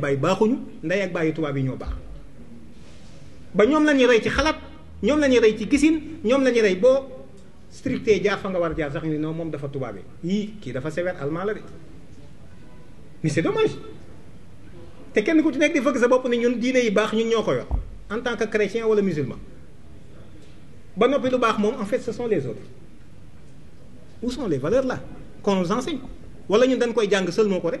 bay baxuñu nday ak bàyyi tubaab yi ñoo bax ba ñom lañuy ñuy ci xalat ñom lañuy ñuy ci gisin ñom lañuy ñuy bo stricté jaar fa nga war jaar sax ñu non mom dafa tubaab yi ki dafa sévère allemand la de mais c'est dommage té kenn ku ci nek di fëgg sa bopp ni ñun diiné yi bax ñun ñoko ko en tant que chrétien wala musulman ba nopi lu bax mom en fait ce sont les autres où sont les valeurs là qu'on nous enseigne wala ñun dañ koy jang seul moko rek.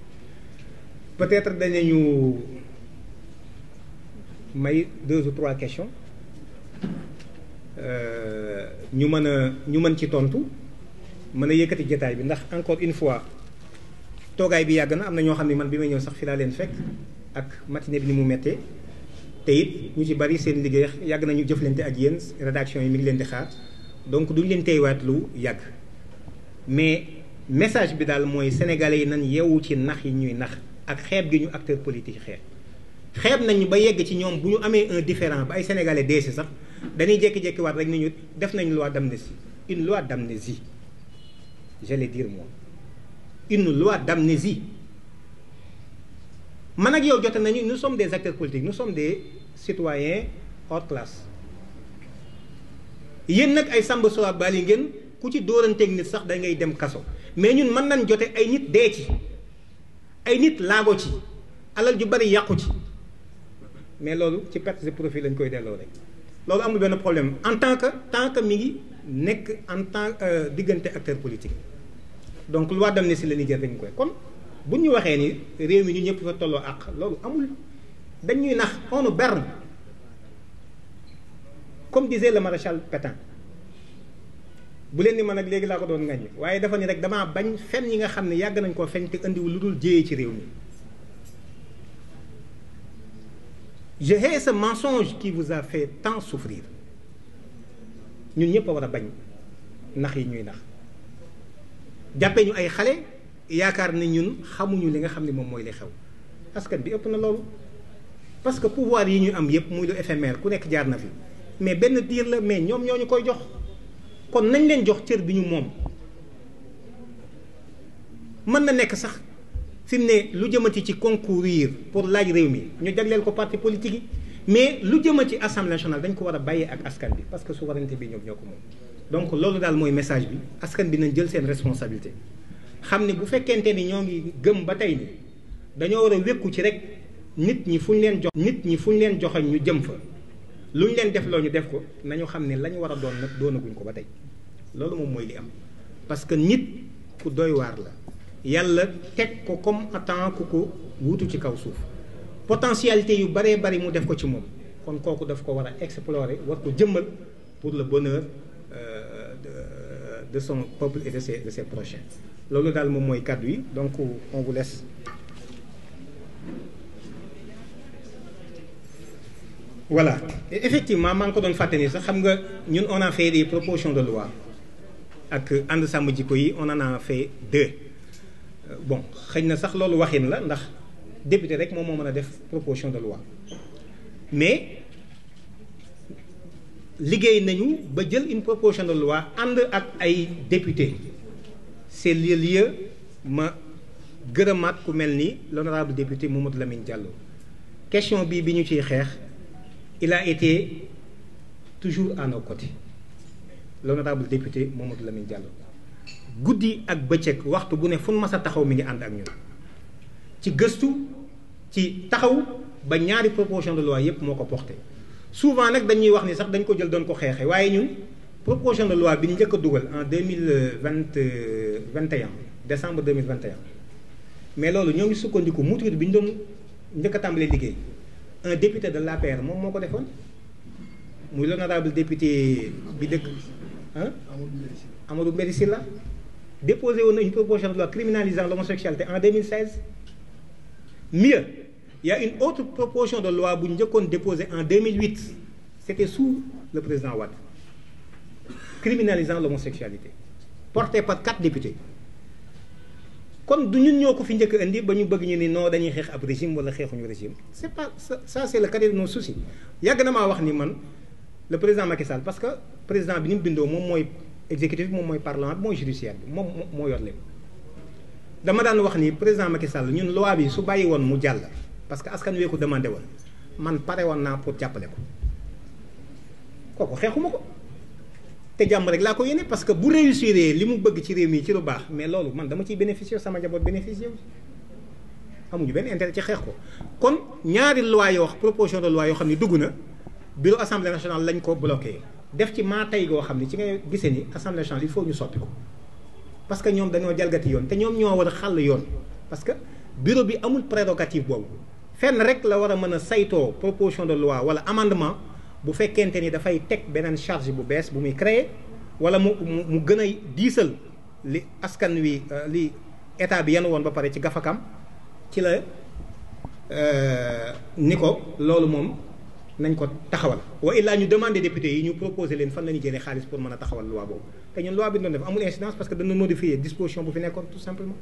peut-être danañu may deux ou trois questions euh, ñu mën a ñu mën ci tontu man a yëkkati jotaay bi ndax encore une fois toogaay bi yàgg na am na ñoo xam ne man bi may ñëw sax fi laa leen fekk ak matinée bi ni mu méttee te it ñu ci bari seen liggéey yàgg nañu jëflante ak yéen rédaction yi mi ngi leen di xaar donc duñu leen teewaat lu yàgg mais message bi daal mooy sénégalais yi nañ yeewu ci nax yi ñuy nax. ak xeeb gi ñu acteur politique xeeb xeeb nañu ba yegg ci ñom bu ñu un différent ba ay sénégalais deese sax dañuy jékki-jékki waat rek ñu def nañ loi d'amnésie. une loi d'amnistie j'allais dire moi une loi d'amnésie. man ak yow jote nañu nous sommes des acteurs politiques nous sommes des citoyens hors classe yeen nak ay Samba Sow Bali ngeen ku ci dóoranteeg nit sax da ngay dem kasso mais ñun man nañ jote ay nit dé ci ay nit ci bari mais loolu ci perte de profit lañ koy delo rek amul problème en tant que tant que mi ngi en tant euh, acteur politique donc loi d'amnistie la ni jël koy kon ñu ni réew mi ñu ñëpp fa amul nax on berne comme disait le maréchal Pétain bu leen ni man ak léegi laa ko doon ngañ waaye dafa ni rek damaa bañ fen yi nga xam ne yàgg nañ ko feñ te indiwul lu dul jéyee ci réew mi je hais ce mensonge qui vous a fait tant souffrir ñun ñëpp a war a bañ nax yi ñuy nax jàppee ñu ay xale yaakaar ne ñun xamuñu li nga xam ne moom mooy li xew askan bi ëpp na loolu parce que pouvoir yi ñu am yëpp muy lu éphémère ku nekk jaar na fi mais benn diir la mais ñoom ñoo ñu koy jox kon nañ leen jox cër bi ñu moom mën na nekk sax fi ne lu jëmati ci concourir pour laaj réew mi ñu jagleel ko parti politique yi mais lu jëmati ci nationale dañ ko war a bàyyee ak askan bi parce que souveraineté bi ñoom ñoo ko moom. donc loolu daal mooy message bi askan bi nañ jël seen responsabilité xam ne bu fekkente ni ñoo ngi gëm ba tey ni dañoo war a wékku ci rek nit ñi fu ñu leen jox nit ñi fu ñu leen joxoñ ñu jëm fa lu ñu leen def loo ñu def ko nañu xam ne la ñu war a doon nag doonaguñ ko ba tey. loolu moom mooy li am parce que nit ku doy waar la yàlla teg ko comme attend ku ko wuutu ci kaw suuf potentialité yu baree bari mu def ko ci moom kon kooku daf ko war a explorer war ko jëmmal pour le bonheur euh, de son peuple et de ses de ses prochains loolu daal moom mooy kàddu yi donc on vous laisse voilà et effectivement maa ngi ko doon fàtte sax xam nga ñun on a fait des propositions de loi ak que sàmm on en a fait deux euh, bon xeyna sax loolu waxin la ndax député rek mom mo meuna def proposition de loi mais nous nañu ba jël une proposition de loi entre ak ay député c'est le lieu ma gërëmaat ku melni l'honorable député Mamadou Lamine Diallo question bi biñu ci il a été toujours à nos côtés l'honorable député Mamadou Lamine Diallo Goudi ak bëccëg waxtu bu ne fu mas a taxaw mi ngi and ak ñun ci gëstu ci taxaw ba ñaari proposition de loi yépp moko porter souvent nak dañuy wax ni sax dañ ko jël doon ko xeexee waaye ñun proposition de loi bi ñu njëkk en deux mille vingt et un décembre deux mille vingt et un mais lolu ñoo ngi sukkandiku mouture bi doon ñëk tambalé tàmbalee liggéey un député de l'APR moom moko défon muy l'honorable député bi dëkk Hein? Amadou déposé une proposition de loi criminalisant l'homosexualité en 2016 mieux il y a une autre proposition de loi bu déposée en 2008 c'était sous le président Wade criminalisant l'homosexualité portée par quatre députés c'est ça c'est le cadet de nos soucis na le président Macky Sall parce que président Bini Bindo mu bindoo exécutif bi moom parlant, parlement judiciaire bi moom moo yor lépp dama dan wax ni président Macky Sall ñun loi bi su bàyyi woon mu jall parce que askan wee ko demandé woon man paré won na pour jappalé ko koko xexumako té te rek la ko yéné parce que bu réussir limu bëgg ci réew mi ci lu baax mais lolu man dama ci bénéficier sama njaboot bénéficier wu amuñu benn intérêt ci xex ko kon ñaari loi yo wax proposition de loi yo xamni duguna bureau assemblée nationale lañ ko bloqué def ci maa tey goo xam ne ci ngay gisee ni assemblée nationale il faut ñu soppi ko parce que ñoom dañoo jalgati yoon te ñoom ñoo war a xàll yoon parce que bureau bi amul prérogative boobu fenn rek la war a mën a saytoo proposition de loi wala amendement bu fekkente ni dafay teg beneen charge bu bees bu muy créer wala mu mu gën a diisal li askan wi euh, li état bi yan woon ba pare ci gafakam ci la euh, ni ko loolu moom nañ ko taxawal wa illa ñu demander député yi ñu proposer leen fan la jëlé jëlee pour mëna taxawal loi boobu té ñun loi bi ñu def amul incidence parce que dañu modifier disposition bu fi nekkoon tout simplement